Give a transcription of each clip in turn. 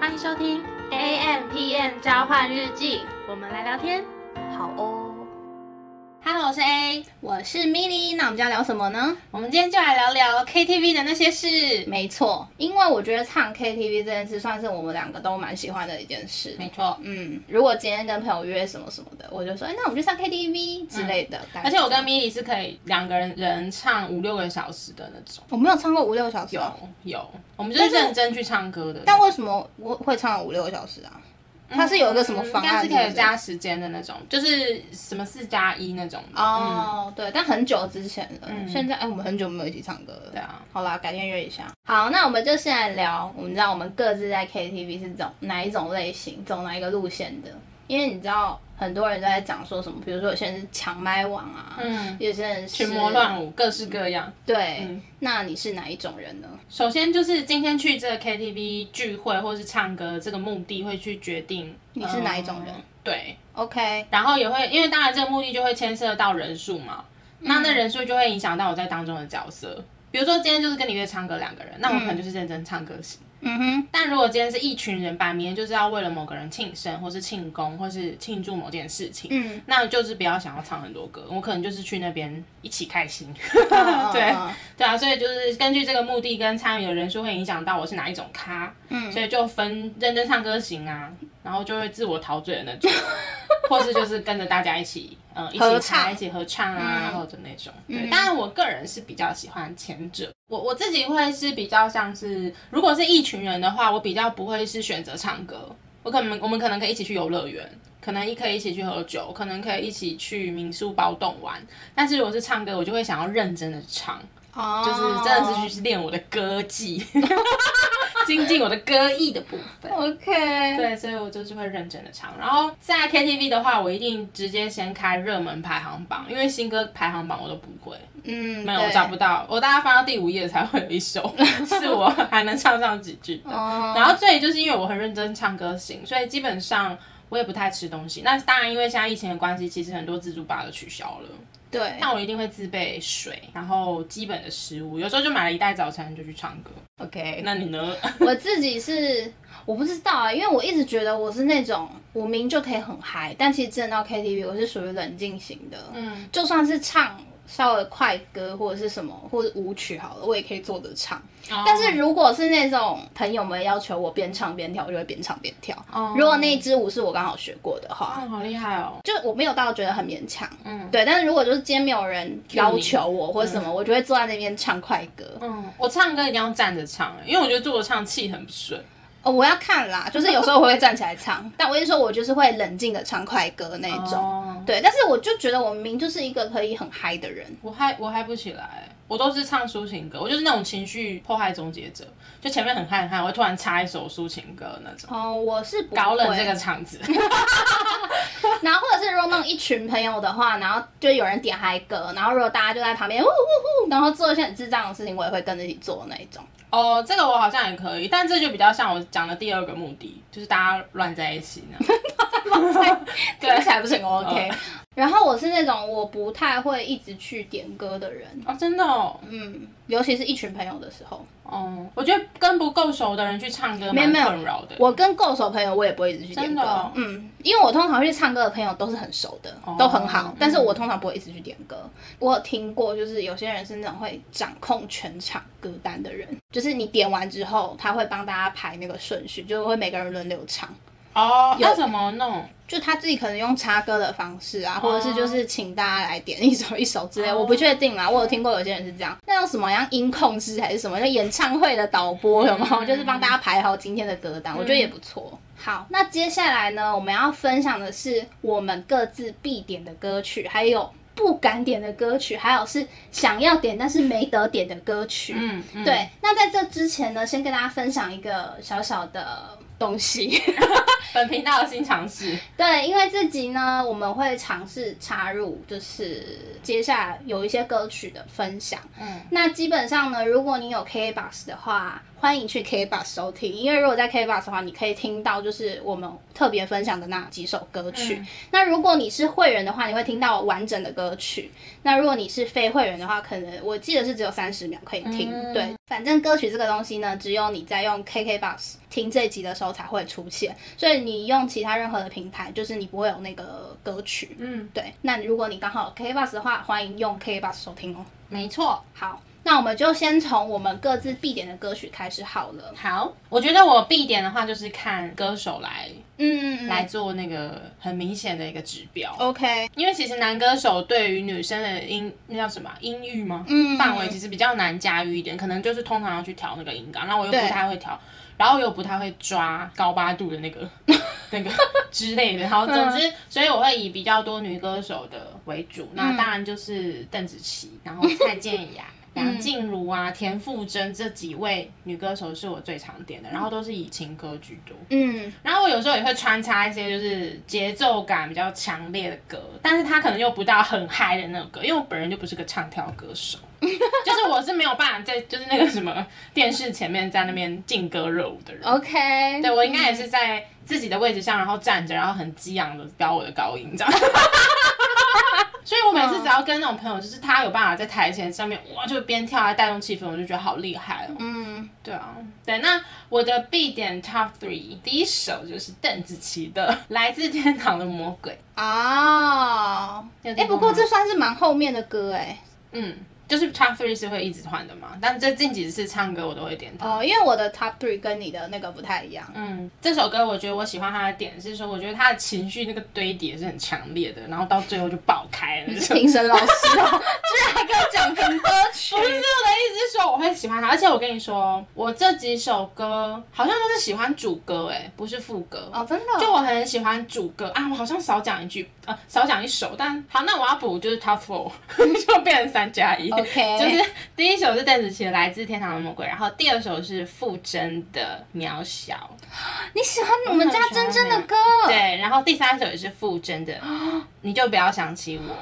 歡迎收聽 AMpm 交換日記，我們來聊天，好哦。Hello，我是 A，我是 Millie，那我們今天要聊什麼呢？我們今天就來聊聊 KTV 的那些事。沒錯，因為我覺得唱 KTV 這件事算是我們兩個都蠻喜歡的一件事。沒錯錯，嗯，如果今天跟朋友約什麼什麼的，我就說，哎、欸，那我們去唱 KTV 之類的。嗯、是而且我跟 Millie 是可以兩個人人唱五六個小時的那種。我沒有唱過五六個小時。有有，我們就是認真去唱歌的。但，是對但為什麼我會唱五六個小時啊？它是有一個什麼方案是不是、嗯？應該是可以加時間的那種，就是什麼四加一那種。哦，嗯、對，但很久之前了。嗯、現在哎、欸，我們很久沒有一起唱歌了。對啊，好啦，改天約一下。好，那我們就先來聊，我們知道我們各自在 KTV 是走哪一種類型，走哪一個路線的？因為你知道。很多人都在講說什麼，比如說有些人搶麥王啊，有些人群魔亂舞，各式各樣。嗯、對，嗯、那你是哪一種人呢？首先就是今天去這個 KTV 聚會或是唱歌這個目的會去決定你是哪一種人。嗯、對，OK。然後也會因為當然這個目的就會牽涉到人數嘛，嗯、那那人數就會影響到我在當中的角色。比如說今天就是跟你約唱歌兩個人，那我可能就是認真唱歌。嗯哼，但如果今天是一群人吧，明天就是要為了某個人慶生，或是慶功，或是慶祝某件事情，嗯，那就是不要想要唱很多歌，我可能就是去那邊一起開心，啊啊啊啊 對對啊，所以就是根據這個目的跟參與的人數會影響到我是哪一種咖，嗯，所以就分認真唱歌型啊，然後就會自我陶醉的那種，或是就是跟着大家一起。嗯、一起唱,唱一起合唱啊，或者、嗯、那種，對、當然、嗯、我個人是比較喜歡前者。我我自己會是比較像是，如果是一群人的話，我比較不會是選擇唱歌。我可能我們可能可以一起去遊樂園，可能也可以一起去喝酒，可能可以一起去民宿包棟玩。但是如果是唱歌，我就會想要認真的唱，就是真的是去練我的歌技。哦 精進我的歌藝的部分，OK，對，所以我就是會認真的唱。然後在 KTV 的話，我一定直接先開熱門排行榜，因為新歌排行榜我都不會，嗯，沒有對我找不到，我、哦、大概翻到第五頁才會有一首是我還能唱上幾句的。 然後這裡就是因為我很認真唱歌型，所以基本上我也不太吃東西。那當然，因為現在疫情的關係，其實很多自助吧都取消了。對，那我一定會自備水，然後基本的食物，有時候就買了一袋早餐就去唱歌。OK，那你呢？ 我自己是我不知道啊，因為我一直覺得我是那種我明就可以很嗨，但其實真的到 KTV，我是屬於冷靜型的。嗯，就算是唱。稍微快歌或者是什麼，或者舞曲好了，我也可以坐着唱。Oh. 但是如果是那種朋友們要求我邊唱邊跳，我就會邊唱邊跳。Oh. 如果那支舞是我剛好學過的話，oh, 好厲害哦！就我沒有到覺得很勉強。嗯。對，但是如果就是今天沒有人要求我或者什麼，我就會坐在那邊唱快歌。嗯，我唱歌一定要站着唱欸，因為我覺得坐着唱氣很不順。哦，我要看啦，就是有時候我會站起來唱， 但我跟你說，我就是會冷靜的唱快歌那種，oh. 對。但是我就覺得我明明就是一個可以很嗨的人，我嗨我嗨不起來，我都是唱抒情歌，我就是那種情緒迫害終結者，就前面很嗨很嗨，我會突然插一首抒情歌那種。哦，oh, 我是搞冷這個場子。 讓一群朋友的話，然後就有人點嗨歌，然後如果大家就在旁邊，嗚嗚嗚，然後做一些很智障的事情，我也會跟着一起做那種。哦，這個我好像也可以，但這就比較像我講的第二個目的，就是大家亂在一起呢。 而且還不是很 OK 對。然後我是那種我不太會一直去點歌的人啊，真的，哦。嗯，尤其是一群朋友的時候。哦、嗯嗯，我覺得跟不夠熟的人去唱歌沒有困擾的。我跟夠熟的朋友，我也不會一直去點歌。真的，哦，嗯，因為我通常會去唱歌的朋友都是很熟的，哦、都很好。但是我通常不會一直去點歌。嗯、我有聽過，就是有些人是那種會掌控全場歌單的人，就是你點完之後，他會幫大家排那個順序，就會每個人輪流唱。哦，要怎麼弄？就他自己可能用插歌的方式啊，或者是就是請大家來點一首一首之類，我不確定啦。我有聽過有些人是這樣。那用什麼樣音控師，還是什麼？就演唱會的導播有嗎？就是幫大家排好今天的歌單，我覺得也不錯。好，那接下來呢，我們要分享的是我們各自必點的歌曲，還有不敢點的歌曲，還有是想要點但是沒得點的歌曲。嗯，對。那在這之前呢，先跟大家分享一個小小的。東西，哈哈哈。本頻道的新嘗試。對，因為這集呢，我們會嘗試插入，就是接下來有一些歌曲的分享。嗯，那基本上呢，如果你有 KKBOX 的話，歡迎去 KKBOX 收聽。因為如果在 KKBOX 的話，你可以聽到就是我們特別分享的那幾首歌曲。嗯、那如果你是會員的話，你會聽到完整的歌曲。那如果你是非會員的話，可能我記得是只有三十秒可以聽。嗯、對。反正歌曲這個東西呢，只有你在用 KKBOX 聽這一集的時候才會出現，所以你用其他任何的平台，就是你不會有那個歌曲。嗯，對。那如果你剛好有 KKBOX 的話，歡迎用 KKBOX 收聽哦。沒錯，好。那我們就先從我們各自必點的歌曲開始好了。好，我覺得我必點的話就是看歌手來，嗯，來做那個很明顯的一個指標。OK，因為其實男歌手對於女生的音那叫什麼音域嗎？嗯，範圍其實比較難駕馭一點，可能就是通常要去調那個音高，然後我又不太會調，對然後又不太會抓高八度的那個 那個之類的。好，總之，嗯、所以我會以比較多女歌手的為主。嗯、那當然就是鄧紫棋，然後蔡健雅。 梁靜、嗯、茹啊，田馥甄這幾位女歌手是我最常點的，然後都是以情歌居多。嗯，然後我有時候也會穿插一些就是節奏感比較強烈的歌，但是他可能又不到很嗨的那種、個、歌，因為我本人就不是個唱跳歌手， 就是我是沒有辦法在就是那個什麼電視前面在那邊勁歌熱舞的人。OK，對，我應該也是在自己的位置上，然後站着，然後很激昂的飆我的高音這樣。 所以，我每次只要跟那種朋友，嗯、就是他有辦法在台前上面，哇，就邊跳啊帶動氣氛，我就覺得好厲害哦。嗯，對啊，對。那我的必點 top three，第一首就是鄧紫棋的《來自天堂的魔鬼》哦，哎、欸，不過這算是蠻後面的歌哎。嗯。就是 top three 是會一直換的嘛，但這近幾次唱歌我都會點它。哦，因為我的 top three 跟你的那個不太一樣。嗯，這首歌我覺得我喜歡他的點是說，我覺得他的情緒那個堆疊是很強烈的，然後到最後就爆開了。 你是評審老師哦、喔， 居然還跟我講評歌曲。不是，我的意思是說我會喜歡他，而且我跟你說，我這幾首歌好像都是喜歡主歌誒、欸，不是副歌哦，真的、哦。就我很喜歡主歌啊，我好像少講一句呃，少講一首，但好，那我要補就是 top four 就變成三加一。OK，就是第一首是鄧紫棋的《來自天堂的魔鬼》，然後第二首是馥甄的《渺小》啊，你喜歡我們家甄甄的歌，對，然後第三首也是馥甄的，啊、你就不要想起我，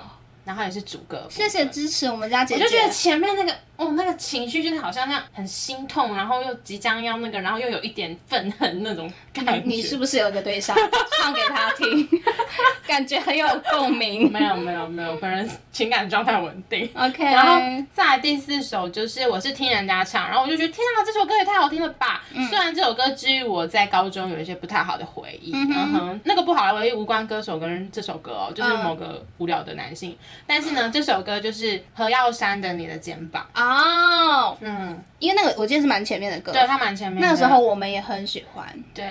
然後也是主歌副歌。謝謝支持我們家姐姐，我就覺得前面那個。哦，那個情緒就是好像那樣，很心痛，然後又即將要那個，然後又有一點憤恨那種感覺。啊、你是不是有一個對象 唱給他聽？ 感覺很有共鳴。沒有沒有沒有，本人情感狀態穩定。OK。然後再來第四首，就是我是聽人家唱，然後我就覺得天啊，這首歌也太好聽了吧！嗯、雖然這首歌基於我在高中有一些不太好的回憶，嗯哼,嗯哼，那個不好的回憶無關歌手跟這首歌哦，就是某個無聊的男性。嗯、但是呢，這首歌就是何耀珊的《你的肩膀》啊、嗯。哦，oh, 嗯，因為那個我記得是蠻前面的歌，對他蠻前面的。那時候我們也很喜歡，對，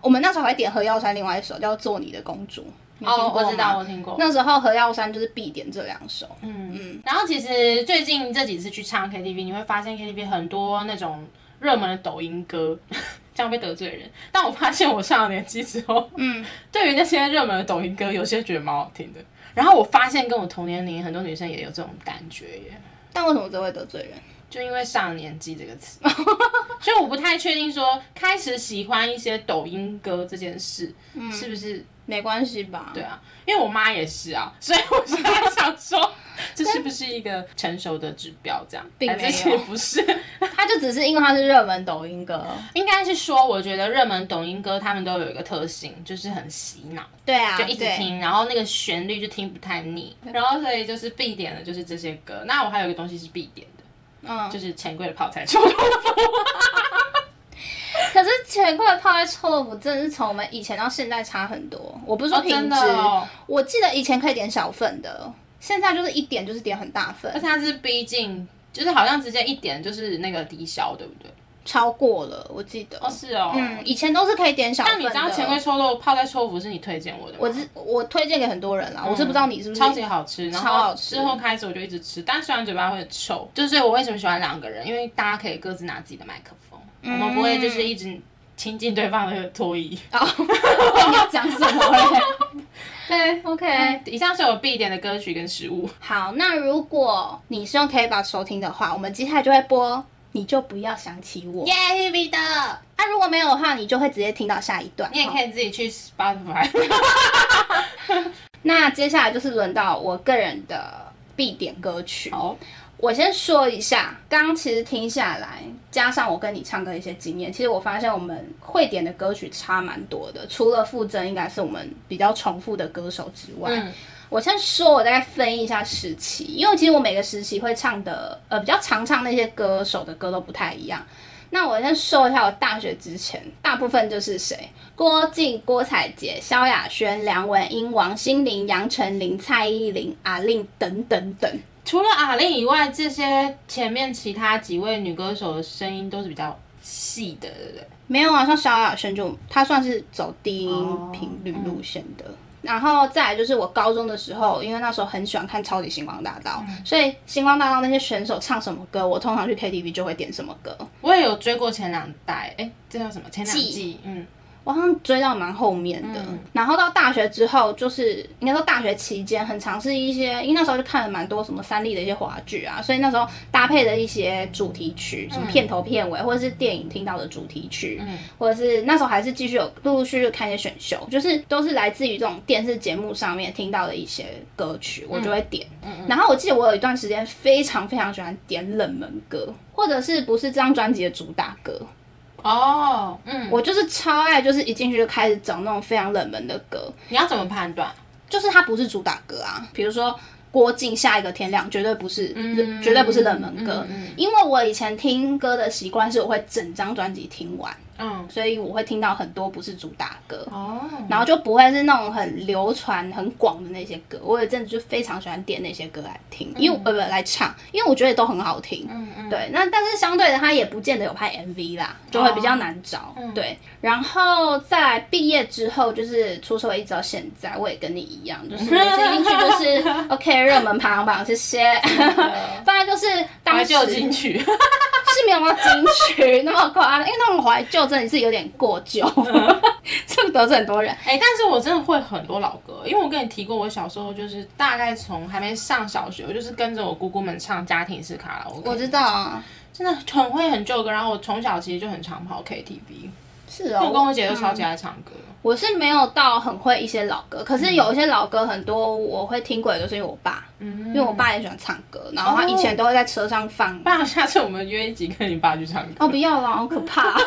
我們那時候還點何耀珊另外一首叫《做你的公主》，哦，oh, 我知道我聽過。那時候何耀珊就是必點這兩首，嗯嗯。嗯然後其實最近這幾次去唱 K T V，你會發現 K T V 很多那種熱門的抖音歌呵呵，這樣被得罪人。但我發現我上了年紀之後，嗯， 對於那些熱門的抖音歌，有些覺得蠻好聽的。然後我發現跟我同年齡很多女生也有這種感覺耶。但為什麼只會得罪人？就因為“上年紀”這個詞， 所以我不太確定說開始喜歡一些抖音歌這件事、嗯、是不是沒關係吧？對啊，因為我媽也是啊，所以我現在想說。 這是不是一個成熟的指標？這樣並沒有不是，他就只是因為他是熱門抖音歌，應該是說，我覺得熱門抖音歌他們都有一個特性，就是很洗腦。對啊，就一直聽，對然後那個旋律就聽不太膩，對然後所以就是必點的就是這些歌。那我還有一個東西是必點的，嗯，就是錢櫃的泡菜臭豆腐。 可是錢櫃的泡菜臭豆腐真的是從我們以前到現在差很多，我不是說品質、哦、真的、哦，我記得以前可以點小份的。現在就是一點就是點很大份，但是它是畢竟，就是好像直接一點就是那個低消，對不對？超過了，我記得哦，是哦，嗯，以前都是可以點小份。但你知道前味臭豆腐泡在臭腐是你推薦我的我是，我是我推薦給很多人啦，嗯、我是不知道你是不是超級好吃，超好吃之後開始我就一直吃，吃但雖然嘴巴會很臭，就是我為什麼喜歡兩個人，因為大家可以各自拿自己的麥克風，嗯、我們不會就是一直親近對方的唾液啊，然後要講什麼？ 對，OK、嗯。以上是我必點的歌曲跟食物。好，那如果你是用 KKBOX 收聽的話，我們接下來就會播，你就不要想起我。耶、yeah, 啊，Hebe 的。那如果沒有的話，你就會直接聽到下一段。你也可以自己去 Spotify。 那接下來就是輪到我個人的必點歌曲。Oh. 我先說一下，剛剛其實聽下來，加上我跟你唱歌一些經驗，其實我發現我們會點的歌曲差蠻多的。除了傅徵，應該是我們比較重複的歌手之外，嗯、我先說，我大概分一下時期，因為其實我每個時期會唱的，呃，比較常唱那些歌手的歌都不太一樣。那我先說一下，我大學之前大部分就是誰：郭靜、郭采潔、蕭亞軒、梁文音、王心凌、楊丞琳、蔡依林、A-Lin 等等等。除了阿令以外，這些前面其他幾位女歌手的聲音都是比較細的，對對沒有啊，像蕭亞軒就她算是走低音頻率路線的。哦嗯、然後再來就是我高中的時候，因為那時候很喜歡看《超級星光大道》嗯，所以星光大道那些選手唱什麼歌，我通常去 KTV 就會點什麼歌。我也有追過前兩代，哎、欸，這叫什麼？前兩季，記嗯。我好像追到蠻後面的，嗯、然後到大學之後，就是應該說大學期間，很嘗試一些，因為那時候就看了蠻多什麼三立的一些華劇啊，所以那時候搭配的一些主題曲，什麼片頭片尾，嗯、或者是電影聽到的主題曲，嗯、或者是那時候還是繼續有陸陸續續看一些選秀，就是都是來自於這種電視節目上面聽到的一些歌曲，我就會點。嗯嗯、然後我記得我有一段時間非常非常喜歡點冷門歌，或者是不是這張專輯的主打歌。哦，嗯，oh, 我就是超愛，就是一進去就開始找那種非常冷門的歌。你要怎麼判斷、嗯？就是它不是主打歌啊，比如說郭靜下一個天亮，絕對不是，嗯、絕對不是冷門歌。嗯嗯嗯、因為我以前聽歌的習慣是，我會整張專輯聽完。嗯，所以我會聽到很多不是主打歌，哦，然後就不會是那種很流傳很廣的那些歌。我也真的就非常喜歡點那些歌來聽，因為、嗯、呃來唱，因為我覺得都很好聽。嗯嗯。嗯對，那但是相對的，它也不見得有拍 MV 啦，就會比較難找。哦嗯、對。然後在畢業之後，就是出社會一直到現在，我也跟你一樣，就是每次進去就是 OK 熱門排行榜這些、個，當然 就是懷舊金曲。 但 是沒有辦法那麼情取那麼誇張，因為那種懷舊真的是有點過舊，這 不得罪很多人哎、欸。但是我真的會很多老歌，因為我跟你提過，我小時候就是大概從還沒上小學，我就是跟着我姑姑們唱家庭式卡拉 OK。我知道啊，真的很會很舊歌，然後我從小其實就很常跑 KTV。是哦，我跟我姐都超級愛唱歌我、嗯。我是沒有到很會一些老歌，可是有一些老歌很多我會聽過，的，都是因為我爸，嗯、因為我爸也喜歡唱歌，然後他以前都會在車上放。不、哦、下次我們約一起跟你爸去唱歌。哦不要了，好可怕。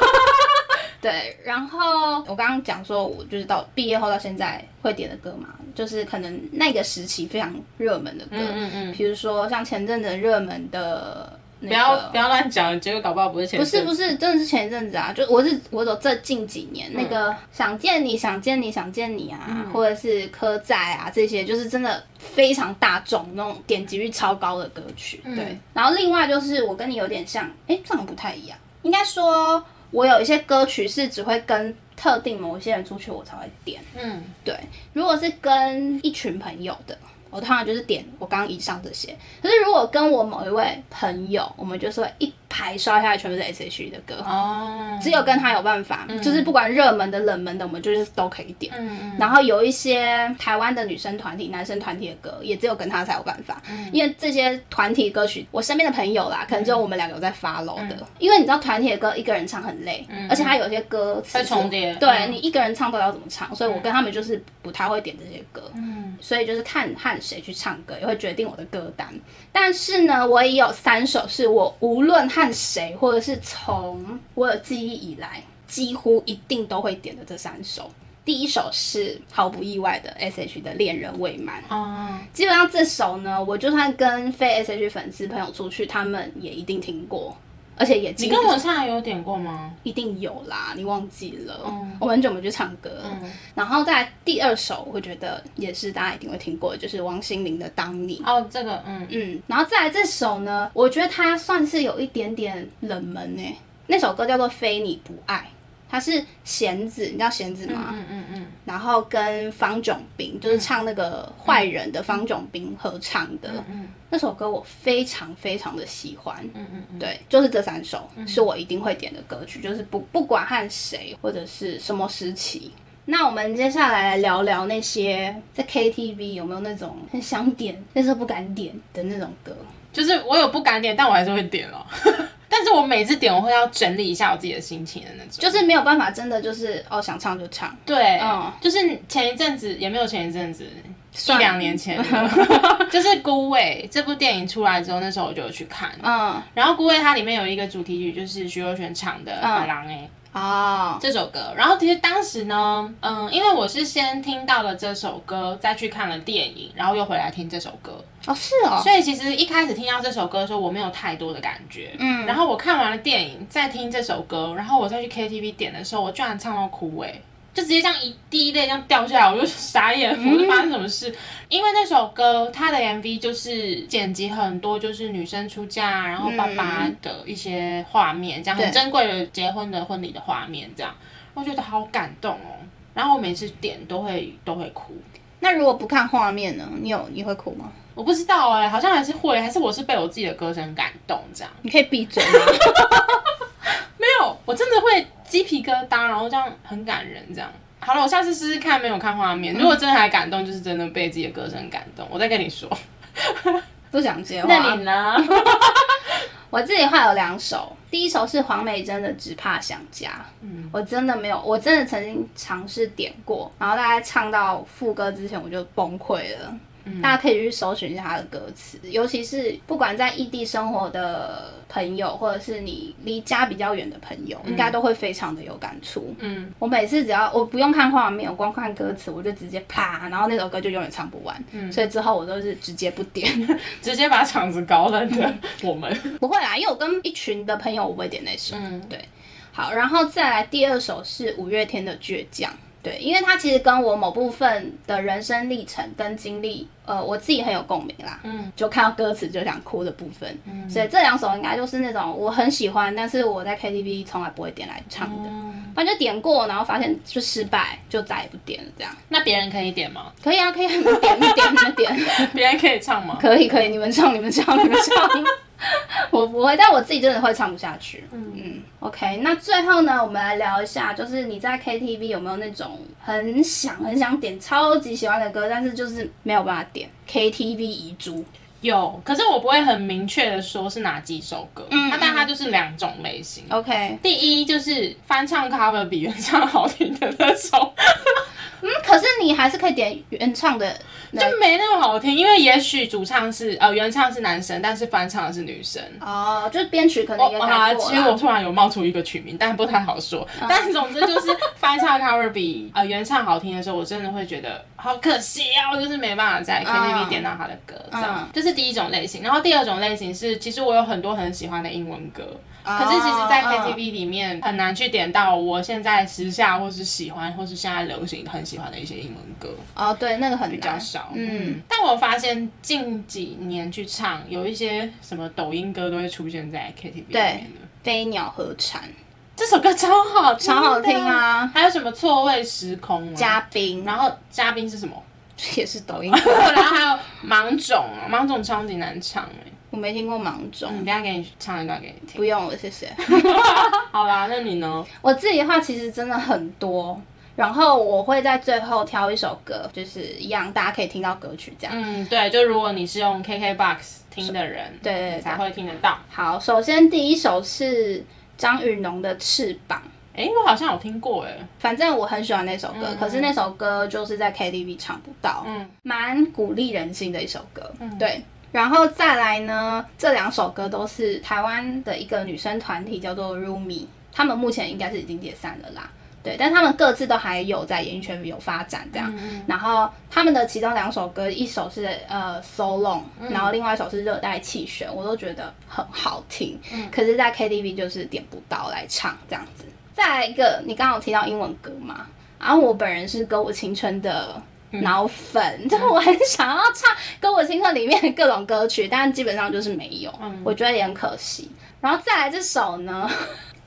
對，然後我剛剛講說，我就是到畢業後到現在會點的歌嘛，就是可能那個時期非常熱門的歌，嗯嗯嗯，比、嗯嗯、如說像前陣子熱門的。那不要不要亂講，結果搞不好不是前不是不是，真的是前一陣子啊，就我是我走這近幾年、嗯、那個想見你想見你想見你啊，嗯、或者是刻在啊這些，就是真的非常大眾那種點擊率超高的歌曲，嗯、對。然後另外就是我跟你有點像，哎、欸，這樣不太一樣，應該說我有一些歌曲是只會跟特定某些人出去我才會點，嗯，對。如果是跟一群朋友的。我通常就是點我剛剛以上這些，可是如果跟我某一位朋友，我們就是會一排刷一下全部是 S.H.E 的歌哦，oh, 只有跟他有辦法，嗯、就是不管熱門的、冷門的，我們就是都可以點。嗯嗯。然後有一些台灣的女生團體、男生團體的歌，也只有跟他才有辦法。嗯。因為這些團體歌曲，我身邊的朋友啦，可能只有我們兩個有在 follow 的。嗯嗯、因為你知道團體的歌，一個人唱很累，嗯。而且他有一些歌詞、嗯、重疊。對，嗯、你一個人唱不知道怎麼唱，所以我跟他們就是不太會點這些歌。嗯。所以就是看和誰去唱歌，也會決定我的歌單。但是呢，我也有三首是我無論他。看誰，或者是從我有記憶以來，幾乎一定都會點的這三首。第一首是毫不意外的，S.H.E. 的《戀人未滿》。Oh. 基本上這首呢，我就算跟非 S.H.E. 粉絲朋友出去，他們也一定聽過。而且也，你跟我唱有點過嗎？一定有啦，你忘記了？我、嗯 oh, 很久沒去唱歌了。嗯，然後再來第二首，我會覺得也是大家一定會聽過的，就是王心凌的《當你》。哦，這個，嗯嗯。然後再來這首呢，我覺得它算是有一點點冷門誒、欸。那首歌叫做《非你不愛》。他是弦子，你知道弦子嗎？嗯嗯嗯，然後跟方炯鑌就是唱那個壞人的方炯鑌合唱的嗯嗯，那首歌，我非常非常的喜歡。嗯嗯嗯，對，就是這三首是我一定會點的歌曲，就是不不管和誰或者是什麼時期。那我們接下來，來聊聊那些在 KTV 有沒有那種很想點但是不敢點的那種歌，就是我有不敢點，但我還是會點哦。 但是我每次點我會要整理一下我自己的心情的那種，就是沒有辦法真的就是哦，想唱就唱。對，哦、就是前一陣子，也沒有前一陣子，算一兩年前， 就是《孤味》這部電影出來之後，那時候我就有去看。嗯、哦，然後《孤味》它裡面有一個主題曲，就是徐若瑄唱的《狼》哎。哦啊，oh. 這首歌，然後其實當時呢，嗯，因為我是先聽到了這首歌，再去看了電影，然後又回來聽這首歌。哦，oh, 是哦。所以其實一開始聽到這首歌的時候，我沒有太多的感覺。嗯，然後我看完了電影再聽這首歌，然後我再去 KTV 點的時候，我居然唱到枯萎。就直接這樣一滴淚這樣掉下來，我就傻眼，嗯、我就發生什麼事？因為那首歌它的 MV 就是剪輯很多，就是女生出嫁，啊、然後爸爸的一些畫面，這樣，嗯、很珍貴的結婚的婚禮的畫面，這樣對我覺得好感動哦。然後我每次點都會都會哭。那如果不看畫面呢？你有你會哭嗎？我不知道誒、欸，好像還是會，還是我是被我自己的歌聲感動這樣。你可以閉嘴嗎？ 沒有，我真的會。雞皮疙瘩，然後這樣很感人。這樣好了，我下次試試看，沒有看畫面，如果真的還感動，嗯、就是真的被自己的歌聲感動。我再跟你說，不想接話。那你呢？ 我自己畫有兩首，第一首是黃美珍的，只怕想家。嗯、我真的沒有，我真的曾經嘗試點過，然後大概唱到副歌之前我就崩潰了。嗯、大家可以去搜尋一下他的歌詞，尤其是不管在異地生活的朋友，或者是你離家比較遠的朋友，嗯、應該都會非常的有感觸。嗯，我每次只要我不用看畫面，我光看歌詞，我就直接啪，然後那首歌就永遠唱不完。嗯，所以之後我都是直接不點，嗯、 直接把場子搞冷的。我們不會啦，因為我跟一群的朋友，我不會點那首。嗯，對，好，然後再來第二首是五月天的倔強。對，因為它其實跟我某部分的人生歷程跟經歷，呃，我自己很有共鳴啦。嗯，就看到歌詞就想哭的部分。嗯，所以這兩首應該就是那種我很喜歡，但是我在 KTV 從來不會點來唱的。嗯，反正就點過，然後發現就失敗，就再也不點了這樣。那別人可以點嗎？可以啊，可以點，你點，你點，你點。 別人可以唱嗎？ 可以，可以，你們唱，你們唱，你們唱。 我不會，但我自己真的會唱不下去。嗯，嗯，OK。那最後呢，我們來聊一下，就是你在 KTV 有沒有那種很想很想點超級喜歡的歌，但是就是沒有辦法點 KTV 遺珠？有，可是我不會很明確的說是哪幾首歌。嗯，那但它就是兩種類型。OK，第一就是翻唱 cover 比原唱好聽的那首。嗯，可是你還是可以點原唱的，就沒那麼好聽，因為也許主唱是呃，原唱是男生，但是翻唱的是女生哦，就是編曲可能也太啊，其實我突然有冒出一個曲名，但不太好說。啊、但總之就是 翻唱 cover 比呃原唱好聽的時候，我真的會覺得好可惜啊，我就是沒辦法在 KTV 點到他的歌，嗯、這樣。這、嗯、是第一種類型，然後第二種類型是，其實我有很多很喜歡的英文歌。可是其實，在 K T V 裡面很難去點到我現在時下或是喜歡或是現在流行很喜歡的一些英文歌。哦，oh, 對，那個很比較少。嗯，但我發現近幾年去唱有一些什麼抖音歌都會出現在 K T V 裡面，飛鳥和蟬這首歌超好，超好聽啊！還有什麼錯位時空、啊？嘉賓冰，然後嘉賓是什麼？也是抖音歌 然後還有芒種，芒種超級難唱哎、欸。我沒聽過芒種，我、嗯、等一下給你唱一段給你聽。不用了，謝謝。 好啦，那你呢？我自己的話其實真的很多，然後我會在最後挑一首歌，就是一樣，大家可以聽到歌曲這樣。嗯，對，就如果你是用 KKBOX 聽的人，對對，對才會聽得到。好，首先第一首是張宇農的翅膀。哎、欸，我好像有聽過哎、欸，反正我很喜歡那首歌，嗯、可是那首歌就是在 K T V 唱不到。嗯，蠻鼓勵人心的一首歌。嗯，對。然後再來呢，這兩首歌都是台灣的一個女生團體，叫做 Rumi。他們目前應該是已經解散了啦，對。但他們各自都還有在演藝圈有發展這樣。嗯嗯，然後他們的其中兩首歌，一首是呃 So Long，、嗯、然後另外一首是熱帶氣旋，我都覺得很好聽。嗯、可是，在 KTV 就是點不到來唱這樣子。再來一個，你剛剛有提到英文歌嘛，然後、啊、我本人是《歌舞青春》的。老粉，嗯、就是我很想要唱《歌舞青春》裡面的各種歌曲，但是基本上就是沒有，嗯、我覺得也很可惜。然後再來這首呢，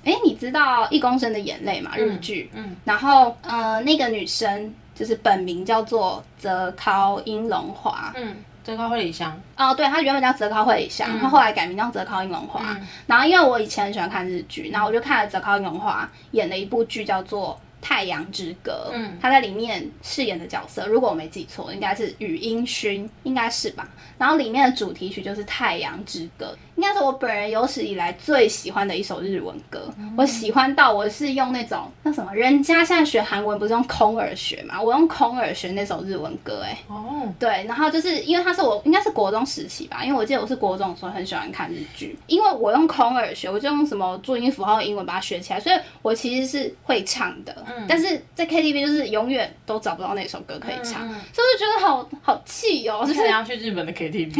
誒，你知道《一公升的眼淚》嗎？日劇。嗯嗯、然後，呃，那個女生就是本名叫做澤尻英龍華。嗯、澤尻惠里香。哦，對，她原本叫澤尻惠里香，嗯、她後來改名叫澤尻英龍華。嗯、然後，因為我以前很喜歡看日劇，然後我就看了澤尻英龍華演的一部劇，叫做，太陽之歌，嗯，他在裡面飾演的角色，嗯、如果我沒記錯，應該是雨音薰，應該是吧。然後裡面的主題曲就是《太陽之歌》，應該是我本人有史以來最喜歡的一首日文歌。嗯嗯，我喜歡到我是用那種那什麼，人家現在學韓文不是用空耳學嘛，我用空耳學那首日文歌，欸，哎，哦，對，然後就是因為它是我應該是國中時期吧，因為我記得我是國中的時候很喜歡看日劇，因為我用空耳學，我就用什麼注音符號英文把它學起來，所以我其實是會唱的。但是在 K T V 就是永遠都找不到那首歌可以唱，嗯、所以就覺得好好氣哦！就想、是、要去日本的 K T V，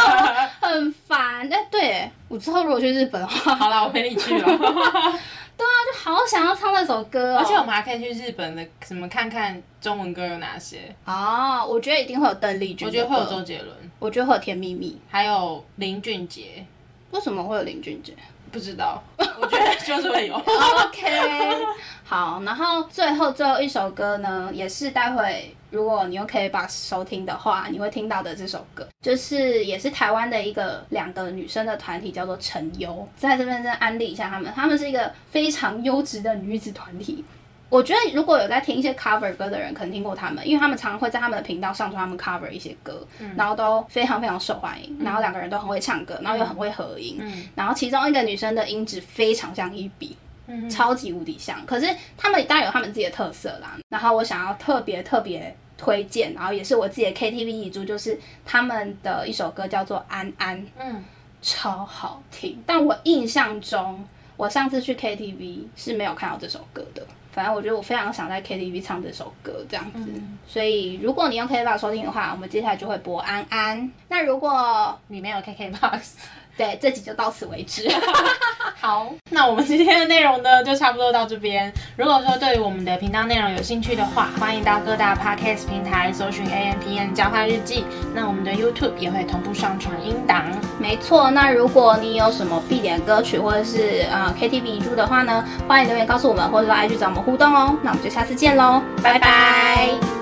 很煩。哎，對我之後如果去日本的話，好了，我陪你去吧。 對啊，就好想要唱那首歌，哦，而且我們還可以去日本的什麼看看中文歌有哪些哦。Oh, 我覺得一定會有鄧麗君的，我覺得會有周杰倫，我覺得會有甜蜜蜜，還有林俊杰。為什麼會有林俊杰？不知道，我覺得就是會有。 OK，好，然後最後最後一首歌呢，也是待會如果你用 KKBOX 收聽的話，你會聽到的這首歌，就是也是台灣的一個兩個女生的團體，叫做陳優，在這邊再安利一下他們，他們是一個非常優質的女子團體。我覺得如果有在聽一些 cover 歌的人，可能聽過他們，因為他們常常會在他們的頻道上傳他們 cover 一些歌，嗯、然後都非常非常受歡迎。嗯、然後兩個人都很會唱歌，然後又很會合音。嗯、然後其中一個女生的音質非常像一比，嗯、哼超級無敵像。可是他們當然有他們自己的特色啦。然後我想要特別特別推薦，然後也是我自己的 K T V 遺珠，就是他們的一首歌叫做《安安》，嗯、超好聽。但我印象中，我上次去 K T V 是沒有看到這首歌的。反正我覺得我非常想在 KTV 唱這首歌，這樣子、嗯。所以，如果你用 KKBOX 收聽的話，我們接下來就會播安安。那如果你沒有 KKBOX。 對，這集就到此為止。 好， 那我們今天的內容呢，就差不多到這邊。如果說對於我們的頻道內容有興趣的話， 歡迎到各大 podcast 平台搜尋 AMpm 交換日記。那我們的 YouTube 也會同步上傳音檔。沒錯，那如果你有什麼必點歌曲或者是呃 K T V 遺珠的話呢，歡迎留言告訴我們，或者說 IG 去找我們互動哦。那我們就下次見嘍，拜拜。